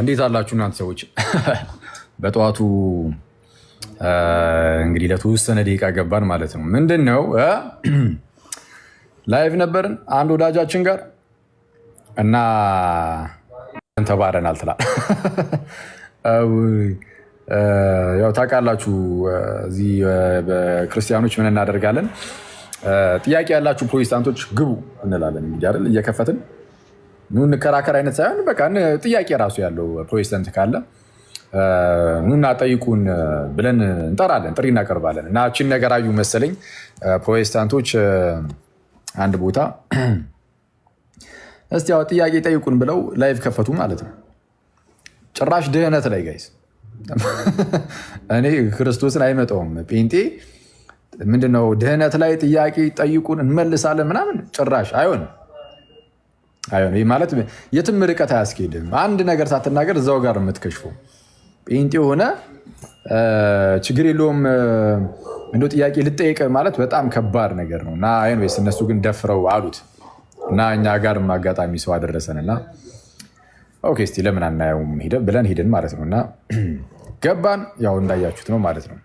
እንዴት አላችሁ እናንተ ሰዎች? በጠዋቱ እንግዲህ ለተወሰነ ደቂቃ ገባን ማለት ነው። ምንድን ነው ላይቭ ነበርን አንድ ወዳጃችን ጋር እና ተባረናል ትላል። ያው ታውቃላችሁ፣ እዚህ በክርስቲያኖች ምን እናደርጋለን? ጥያቄ ያላችሁ ፕሮቴስታንቶች ግቡ እንላለን። እንግዲህ አይደል እየከፈትን እንከራከር አይነት ሳይሆን በቃ ጥያቄ ራሱ ያለው ፕሮቴስታንት ካለ ኑና ጠይቁን ብለን እንጠራለን፣ ጥሪ እናቀርባለን። እና ችን ነገር አዩ መሰለኝ ፕሮቴስታንቶች አንድ ቦታ እስቲ ያው ጥያቄ ጠይቁን ብለው ላይቭ ከፈቱ ማለት ነው። ጭራሽ ድህነት ላይ ጋይስ፣ እኔ ክርስቶስን አይመጣውም ጴንጤ ምንድነው ድህነት ላይ ጥያቄ ጠይቁን እንመልሳለን ምናምን ጭራሽ አይሆንም። አይሆን ይህ ማለት የትም ርቀት አያስኬድም። አንድ ነገር ሳትናገር እዛው ጋር የምትከሽፉ ጴንጤ ሆነ ችግር የለውም እንደ ጥያቄ ልጠየቅ ማለት በጣም ከባድ ነገር ነው እና ይንስ እነሱ ግን ደፍረው አሉት እና እኛ ጋርም አጋጣሚ ሰው አደረሰንና ኦኬ እስቲ ለምን አናየውም ብለን ሄደን ማለት ነው እና ገባን። ያው እንዳያችሁት ነው ማለት ነው።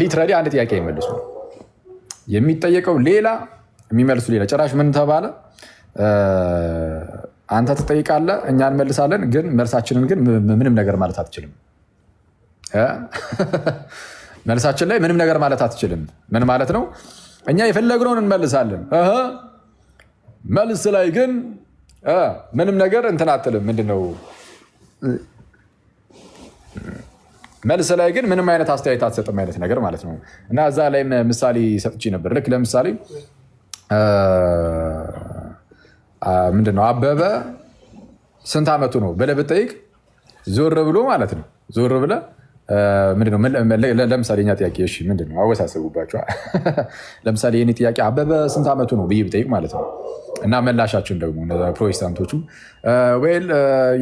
ሊትራሊ አንድ ጥያቄ አይመልሱ የሚጠየቀው ሌላ የሚመልሱ ሌላ ጭራሽ ምን ተባለ አንተ ትጠይቃለህ፣ እኛ እንመልሳለን። ግን መልሳችንን ግን ምንም ነገር ማለት አትችልም። መልሳችን ላይ ምንም ነገር ማለት አትችልም። ምን ማለት ነው? እኛ የፈለግነውን እንመልሳለን። መልስ ላይ ግን ምንም ነገር እንትን አትልም። ምንድን ነው? መልስ ላይ ግን ምንም አይነት አስተያየት አትሰጥም አይነት ነገር ማለት ነው። እና እዛ ላይም ምሳሌ ሰጥቼ ነበር። ልክ ለምሳሌ ምንድነው አበበ ስንት ዓመቱ ነው ብለህ ብጠይቅ ዞር ብሎ ማለት ነው ዞር ብለህ ለምሳሌ እኛ ጥያቄ እሺ ምንድን ነው ለምሳሌ የኔ ጥያቄ አበበ ስንት ዓመቱ ነው ብዬ ብጠይቅ ማለት ነው እና መላሻችን ደግሞ ፕሮቴስታንቶቹ ወይል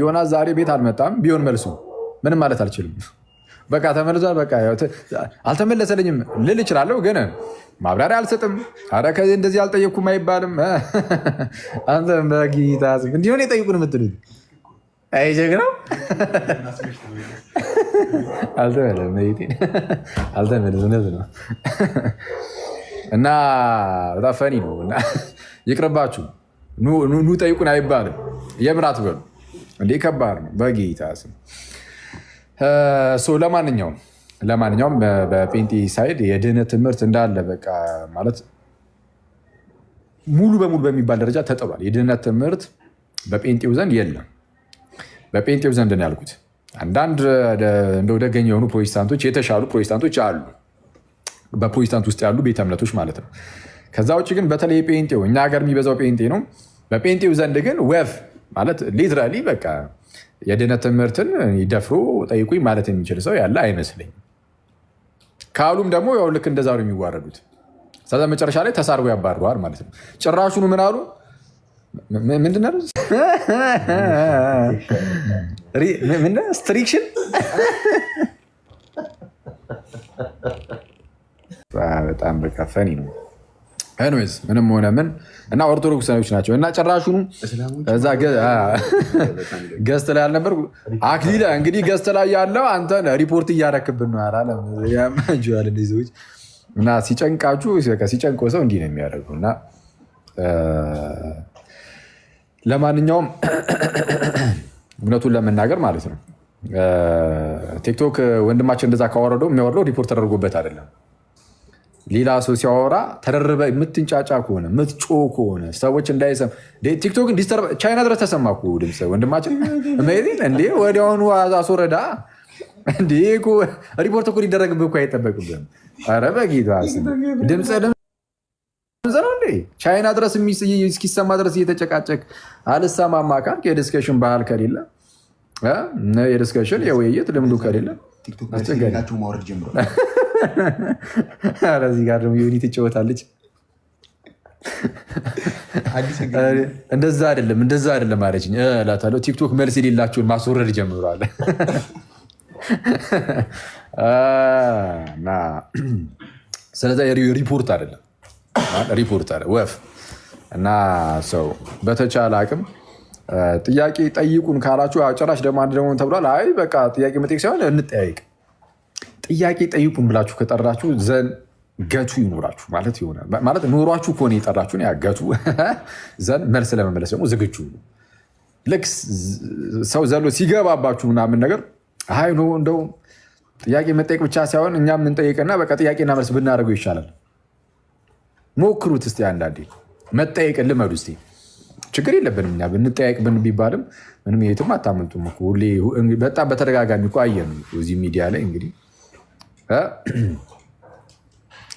ዮናስ ዛሬ ቤት አልመጣም ቢሆን መልሱ ምንም ማለት አልችልም። በቃ ተመልሷል፣ በቃ አልተመለሰልኝም ልል እችላለሁ፣ ግን ማብራሪያ አልሰጥም። አረ ከዚህ እንደዚህ አልጠየኩም አይባልም። አንተ በጌታ እንዲሆን የጠይቁን የምትሉት አይ ጀግናው አልተመለሰም ነው እና በጣም ፈኒ ነው። ይቅርባችሁ፣ ኑ ጠይቁን አይባልም። የምራት በሉ እንዲህ ከባድ ነው በጌታ ስም ለማንኛውም ለማንኛውም በጴንጤ ሳይድ የድህነት ትምህርት እንዳለ በቃ ማለት ሙሉ በሙሉ በሚባል ደረጃ ተጥሏል። የድህነት ትምህርት በጴንጤው ዘንድ የለም። በጴንጤው ዘንድ ነው ያልኩት። አንዳንድ እንደ ወደገኝ የሆኑ ፕሮቴስታንቶች የተሻሉ ፕሮቴስታንቶች አሉ፣ በፕሮቴስታንት ውስጥ ያሉ ቤተ እምነቶች ማለት ነው። ከዛ ውጭ ግን በተለይ ጴንጤው እኛ ሀገር የሚበዛው ጴንጤ ነው። በጴንጤው ዘንድ ግን ወፍ ማለት ሊትራሊ በቃ የድህነት ትምህርትን ይደፍሩ ጠይቁኝ ማለት የሚችል ሰው ያለ አይመስለኝም። ካሉም ደግሞ ያው ልክ እንደዛ ነው የሚዋረዱት። ከዛ መጨረሻ ላይ ተሳርቦ ያባርረዋል ማለት ነው። ጭራሹኑ ምን አሉ? ምንድን ነው ስትሪክሽን በጣም በቃ ፈኒ ነው። ኤኒዌይዝ ምንም ሆነ ምን እና ኦርቶዶክሳዊዎች ናቸው እና ጭራሹኑ እዛ ገስት ላይ አልነበር አክሊለ እንግዲህ ገስት ላይ ያለው አንተን ሪፖርት እያረክብን ነው ያማዋል ሰዎች እና ሲጨንቃችሁ ሲጨንቆ ሰው እንዲህ ነው የሚያደርገው እና ለማንኛውም እውነቱን ለመናገር ማለት ነው ቲክቶክ ወንድማችን እንደዛ ካወረደው የሚያወርደው ሪፖርት ተደርጎበት አይደለም ሌላ ሰው ሲያወራ ተደርበ የምትንጫጫ ከሆነ ምትጮ ከሆነ ሰዎች እንዳይሰማ ቲክቶክን ቻይና ድረስ ተሰማ እኮ ድምፅ ወንድማችን ሜሪን እንዴ ወዲያውኑ አስወረዳ። እንዴ ሪፖርት እኮ ሊደረግብህ እኮ አይጠበቅብህም። ኧረ በጌታ ድምፅ ድምፅ ነው እንዴ ቻይና ድረስ እስኪሰማ ድረስ እየተጨቃጨቅ አልሰማማ ካልክ የዲስከሽን ባህል ከሌለ የዲስከሽን የውይይት ልምዱ ከሌለ አስቸጋሪ ኧረ እዚህ ጋር ደግሞ ዩኒ ትጫወታለች። እንደዛ አይደለም እንደዛ አይደለም አለችኝ እላታለሁ። ቲክቶክ መልስ የሌላቸውን ማስወረድ ጀምሯል። ስለዚ ሪፖርት አይደለም ሪፖርት አለ ወፍ እና ሰው በተቻለ አቅም ጥያቄ ጠይቁን ካላችሁ ጭራሽ ደግሞ አንድ ደግሞ ተብሏል። አይ በቃ ጥያቄ መጠየቅ ሳይሆን እንጠያይቅ ጥያቄ ጠይቁን ብላችሁ ከጠራችሁ ዘን ገቱ ይኑራችሁ ማለት ሆነ ማለት ኑሯችሁ ከሆነ የጠራችሁ ያ ገቱ ዘን መልስ ለመመለስ ደግሞ ዝግጁ ልክ ሰው ዘሎ ሲገባባችሁ ምናምን ነገር ሀይ ኖ እንደው ጥያቄ መጠየቅ ብቻ ሳይሆን እኛ ምንጠይቅና በቃ ጥያቄና መልስ ብናደርገው ይሻላል። ሞክሩት ስ አንዳንዴ መጠየቅን ልመዱ እስኪ። ችግር የለብንም እኛ ብንጠያቅ ብን ቢባልም ምንም የትም አታመልጡም። በጣም በተደጋጋሚ እኮ አየን እዚህ ሚዲያ ላይ እንግዲህ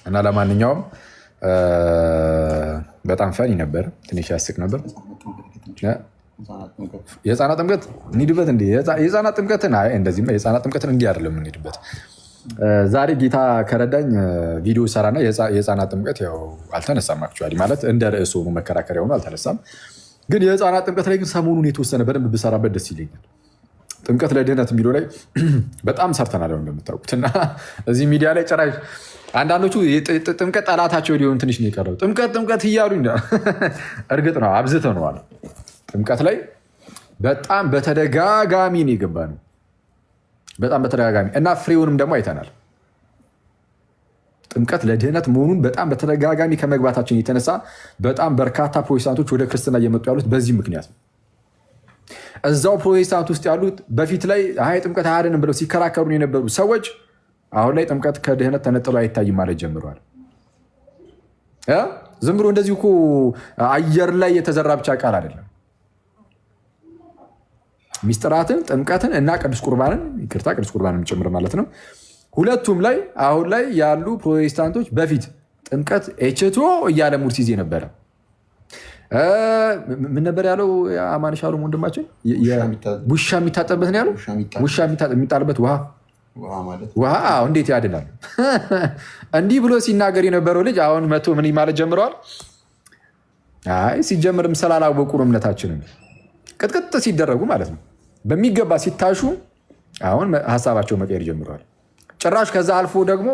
እና ለማንኛውም በጣም ፈኒ ነበር። ትንሽ ያስቅ ነበር። የህፃናት ጥምቀት እንሂድበት እንዲ የህፃናት ጥምቀትን እንደዚህ የህፃናት ጥምቀትን እንዲህ አይደለም እንሂድበት። ዛሬ ጌታ ከረዳኝ ቪዲዮ ሰራና የህፃናት ጥምቀት ያው አልተነሳም። አክቹዋሊ ማለት እንደ ርዕሱ መከራከሪያ ሆኖ አልተነሳም። ግን የህፃናት ጥምቀት ላይ ግን ሰሞኑን የተወሰነ በደንብ ብሰራበት ደስ ይለኛል። ጥምቀት ለድህነት የሚለው ላይ በጣም ሰርተናል እንደምታውቁት እና እዚህ ሚዲያ ላይ ጭራሽ አንዳንዶቹ ጥምቀት ጠላታቸው ሊሆን ትንሽ ነው የቀረው። ጥምቀት ጥምቀት እያሉ እርግጥ ነው አብዝተነዋል። ጥምቀት ላይ በጣም በተደጋጋሚ ነው ነው በጣም በተደጋጋሚ እና ፍሬውንም ደግሞ አይተናል። ጥምቀት ለድህነት መሆኑን በጣም በተደጋጋሚ ከመግባታችን የተነሳ በጣም በርካታ ፕሮቴስታንቶች ወደ ክርስትና እየመጡ ያሉት በዚህ ምክንያት ነው። እዛው ፕሮቴስታንት ውስጥ ያሉት በፊት ላይ አይ ጥምቀት አያድንም ብለው ሲከራከሩ የነበሩ ሰዎች አሁን ላይ ጥምቀት ከድህነት ተነጥሎ አይታይም ማለት ጀምረዋል። ዝም ብሎ እንደዚህ እኮ አየር ላይ የተዘራ ብቻ ቃል አይደለም። ሚስጥራትን፣ ጥምቀትን እና ቅዱስ ቁርባንን ይቅርታ፣ ቅዱስ ቁርባንን ጭምር ማለት ነው። ሁለቱም ላይ አሁን ላይ ያሉ ፕሮቴስታንቶች በፊት ጥምቀት ኤችቶ እያለ ሙርሲዜ ነበረ። ምን ነበር ያለው? አማን ሻሎም ወንድማችን ውሻ የሚታጠበት ነው ያለው። ውሻ የሚጣልበት ውሃ ውሃ እንዴት ያድናል? እንዲህ ብሎ ሲናገር የነበረው ልጅ አሁን መቶ ምን ማለት ጀምረዋል። አይ ሲጀምርም ስላላወቁ ነው እምነታችንን ቅጥቅጥ ሲደረጉ ማለት ነው። በሚገባ ሲታሹ አሁን ሀሳባቸው መቀየር ጀምረዋል። ጭራሽ ከዛ አልፎ ደግሞ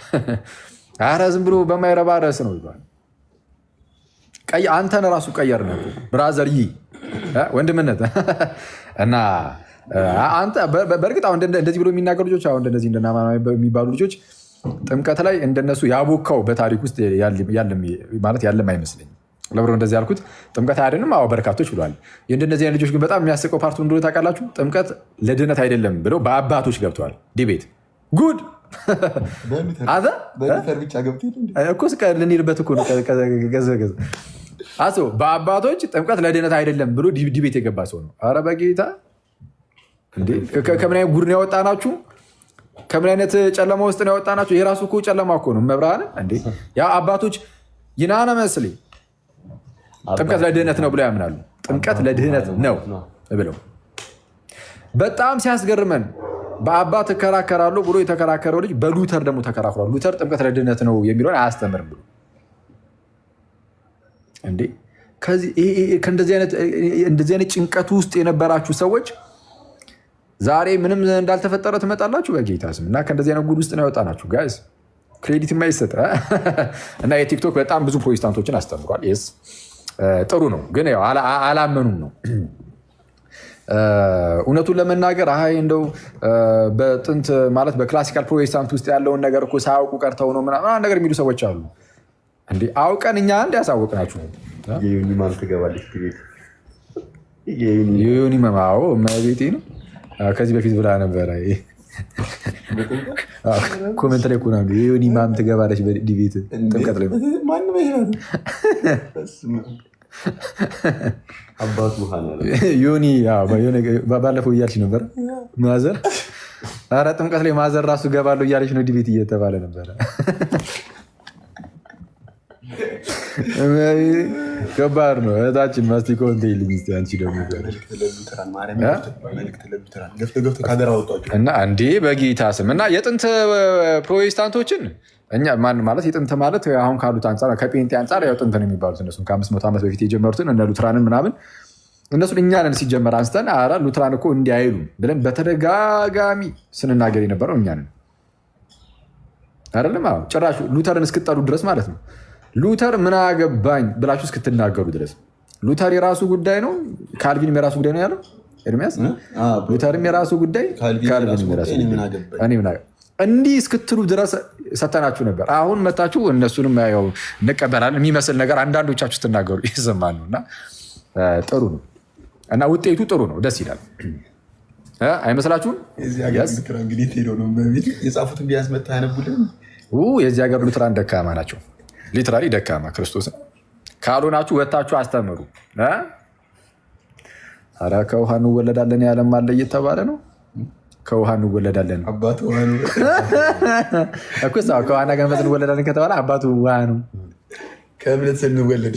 አረ ዝም ብሎ በማይረባ ረስ ነው ይባል አንተን ራሱ ቀየር ነው ብራዘር ይ ወንድምነት እና በእርግጥ አሁን እንደዚህ ብሎ የሚናገሩ ልጆች አሁን እንደዚህ እንደናማና የሚባሉ ልጆች ጥምቀት ላይ እንደነሱ ያቦካው በታሪክ ውስጥ ማለት ያለም አይመስለኝም። ለብሮ እንደዚህ ያልኩት ጥምቀት አያድንም። አዎ በርካቶች ብለዋል። እንደነዚህ ልጆች ግን በጣም የሚያስቀው ፓርቱ እንደሆነ ታውቃላችሁ። ጥምቀት ለድነት አይደለም ብለው በአባቶች ገብተዋል ዲቤት ጉድ ልንሄድበት እኮ በአባቶች ጥምቀት ለድህነት አይደለም ብሎ ዲቤት የገባ ሰው ነው። አረ በጌታ ከምን አይነት ጉድ ያወጣ ናችሁ? ከምን አይነት ጨለማ ውስጥ ነው ያወጣናችሁ? የራሱ እኮ ጨለማ እኮ ነው። መብርሃን እንዴ ያ አባቶች ይናነ መስሌ ጥምቀት ለድህነት ነው ብለው ያምናሉ። ጥምቀት ለድህነት ነው ብለው በጣም ሲያስገርመን በአባት እከራከራለሁ ብሎ የተከራከረው ልጅ በሉተር ደግሞ ተከራክሯል። ሉተር ጥምቀት ለድነት ነው የሚለውን አያስተምርም ብሎ እንዴ! እንደዚህ አይነት ጭንቀት ውስጥ የነበራችሁ ሰዎች ዛሬ ምንም እንዳልተፈጠረ ትመጣላችሁ በጌታ ስም እና ከእንደዚህ አይነት ጉድ ውስጥ ነው ያወጣናችሁ ጋይስ። ክሬዲት የማይሰጥ እና የቲክቶክ በጣም ብዙ ፕሮቴስታንቶችን አስተምሯል። ጥሩ ነው ግን አላመኑም ነው እውነቱን ለመናገር አይ እንደው በጥንት ማለት በክላሲካል ፕሮቴስታንት ውስጥ ያለውን ነገር እኮ ሳያውቁ ቀርተው ነው ምናምን ነገር የሚሉ ሰዎች አሉ። እንዲ አውቀን እኛ እንዲ ያሳወቅ ናችሁ ዩኒ መማው መቤቴ ነው። ከዚህ በፊት ብላ ነበረ ኮመንት ላይ ኮና ዩኒ ማም ትገባለች ዲቤት ጥምቀት ላይ ዮኒ ባለፈው እያልሽ ነበር ማዘር። ኧረ ጥምቀት ላይ ማዘር ራሱ ገባለሁ እያለች ነው ዲቤት እየተባለ ነበረ። ከባድ ነው እህታችን። ማስቲኮ እንትን እስኪ አንቺ ደግሞ እና እንዴ በጌታ ስም እና የጥንት ፕሮቴስታንቶችን እኛ ማን ማለት የጥንት ማለት አሁን ካሉት አንጻር ከጴንጤ አንጻር ያው ጥንት ነው የሚባሉት እነሱ ከአምስት መቶ ዓመት በፊት የጀመሩትን እነ ሉትራንን ምናምን እነሱን እኛ ነን ሲጀመር አንስተን አረ ሉትራን እኮ እንዲህ ብለን በተደጋጋሚ ስንናገር የነበረው እኛ ነን። አይደለም ጭራሽ ሉተርን እስክጠሉ ድረስ ማለት ነው። ሉተር ምን አገባኝ ብላችሁ እስክትናገሩ ድረስ ሉተር የራሱ ጉዳይ ነው፣ ካልቪንም የራሱ ጉዳይ ነው ያለው ኤርሚያስ። ሉተርም የራሱ ጉዳይ፣ ካልቪንም እንዲህ እስክትሉ ድረስ ሰተናችሁ ነበር። አሁን መታችሁ እነሱንም ያው እንቀበላለን የሚመስል ነገር አንዳንዶቻችሁ ስትናገሩ ይሰማል። እና ጥሩ ነው እና ውጤቱ ጥሩ ነው፣ ደስ ይላል። አይመስላችሁም? የዚህ ሀገር ሉትራን ደካማ ናቸው። ሊትራሊ ደካማ ክርስቶስን ካልሆናችሁ ወታችሁ አስተምሩ። ኧረ ከውሃ እንወለዳለን ያለም አለ እየተባለ ነው። ከውሃ እንወለዳለን ከውሃና ከመንፈስ እንወለዳለን ከተባለ አባቱ ውሃ ነው። ከእምነት ስንወለድ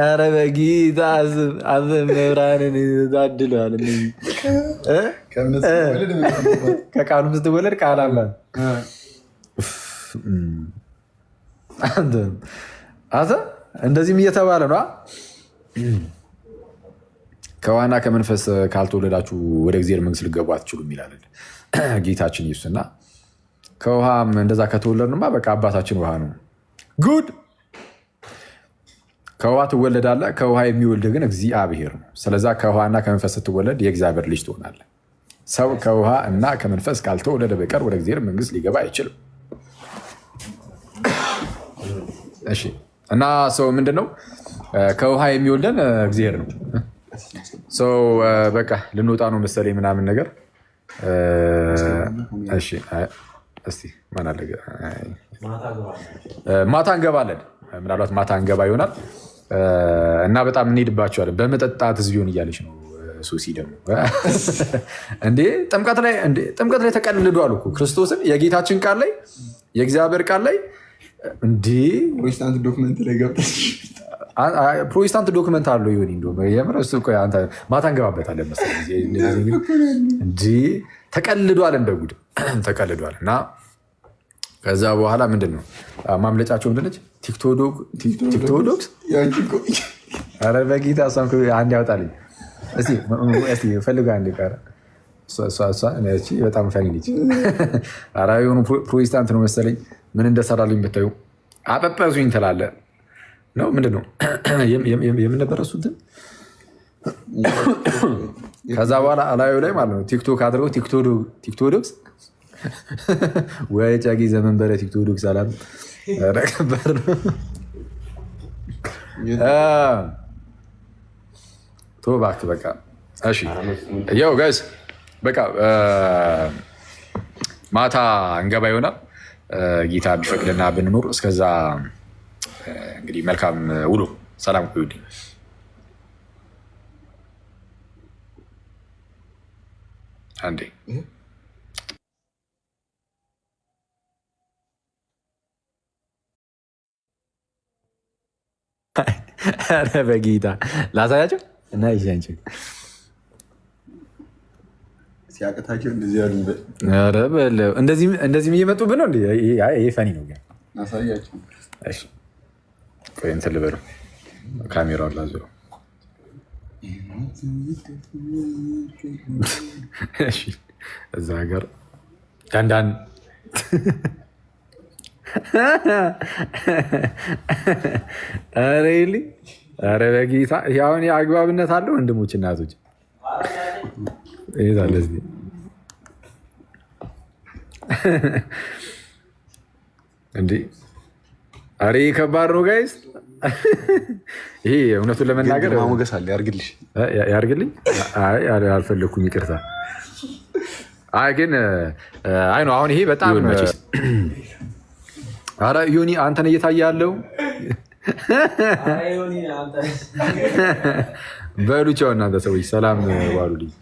ኧረ በጌታ አብ መብራንን ታድሏል። ከቃሉም ስትወለድ ቃል አላት አዘ እንደዚህም እየተባለ ነ ከዋና ከመንፈስ ካልተወለዳችሁ ወደ እግዚአብሔር መንግስት ልገቡ አትችሉም ይላል ጌታችን ኢየሱስ። እና ከውሃም እንደዛ ከተወለድንማ በቃ አባታችን ውሃ ነው። ጉድ ከውሃ ትወለዳለ። ከውሃ የሚወልድ ግን እግዚአብሔር ነው። ስለዛ ከውሃና ከመንፈስ ስትወለድ የእግዚአብሔር ልጅ ትሆናለ። ሰው ከውሃ እና ከመንፈስ ካልተወለደ በቀር ወደ እግዚአብሔር መንግስት ሊገባ አይችልም። እሺ እና ሰው ምንድን ነው ከውሃ የሚወልደን እግዚአብሔር ነው። ሰው በቃ ልንወጣ ነው መሰለኝ ምናምን ነገር ማታ እንገባለን። ምናልባት ማታ እንገባ ይሆናል እና በጣም እንሄድባቸዋለን። በመጠጣት ዝቢሆን እያለች ነው ሱሲ ደግሞ እንዴ ጥምቀት ላይ ተቀልዷል እኮ ክርስቶስን የጌታችን ቃል ላይ የእግዚአብሔር ቃል ላይ እንዴ ፕሮቴስታንት ዶክመንት ላይ ገብተሽ ፕሮቴስታንት ዶክመንት አለው ይሆን እንደውም የምር እሱ ማታ እንገባበታለን መሰለኝ እንጂ ተቀልዷል፣ እንደ ጉድ ተቀልዷል። እና ከዛ በኋላ ምንድን ነው ማምለጫቸው ምንድነች? ቲክቶዶክስ ኧረ በጌታ እሷን አንድ ያውጣልኝ እስኪ ፈልጋ አንድ ቀረ በጣም ፈልጅ ልጅ የሆኑ ፕሮቴስታንት ነው መሰለኝ ምን እንደሰራልኝ ብታዩ አበበዙኝ ትላለህ ነው። ምንድን ነው የምንነበረ ከዛ በኋላ አላዩ ላይ ማለት ነው ቲክቶክ አድርገው ቲክቶዶክስ ወይ ጫጊ ዘመን በረ ቲክቶዶክስ አላም ረከበር ነው ቶ እባክህ በቃ እሺ፣ ያው ጋይስ በቃ ማታ እንገባ ይሆናል። ጌታ ቢፈቅድና ብንኖር እስከዛ እንግዲህ መልካም ውሎ፣ ሰላም ቆዩልኝ። አንዴ ኧረ በጌታ ላሳያቸው እና ይሸንችል ሲያቅታቸው እንደዚህ ያሉ እንደዚህም እየመጡብህ ነው። ይሄ ፈኒ ነው። ግን አሳያቸው። ቆይ እንትን ልበሉ፣ ካሜራውን ላዙረው። እዛ ሀገር ዳንዳን ሬሊ ኧረ በጌታ አሁን የአግባብነት አለው ወንድሞች እናቶች ይዛለ እንዴ ከባድ ነው ጋይስ። ይሄ እውነቱን ለመናገር ሞገስ አለ ያርግልሽ፣ ያርግልኝ። አልፈለግኩም፣ ይቅርታ። አይ ግን አይ ነው አሁን ይሄ በጣም አረ ዮኒ አንተን እየታየ ያለው በሉቻው እናንተ ሰዎች ሰላም ዋሉልኝ።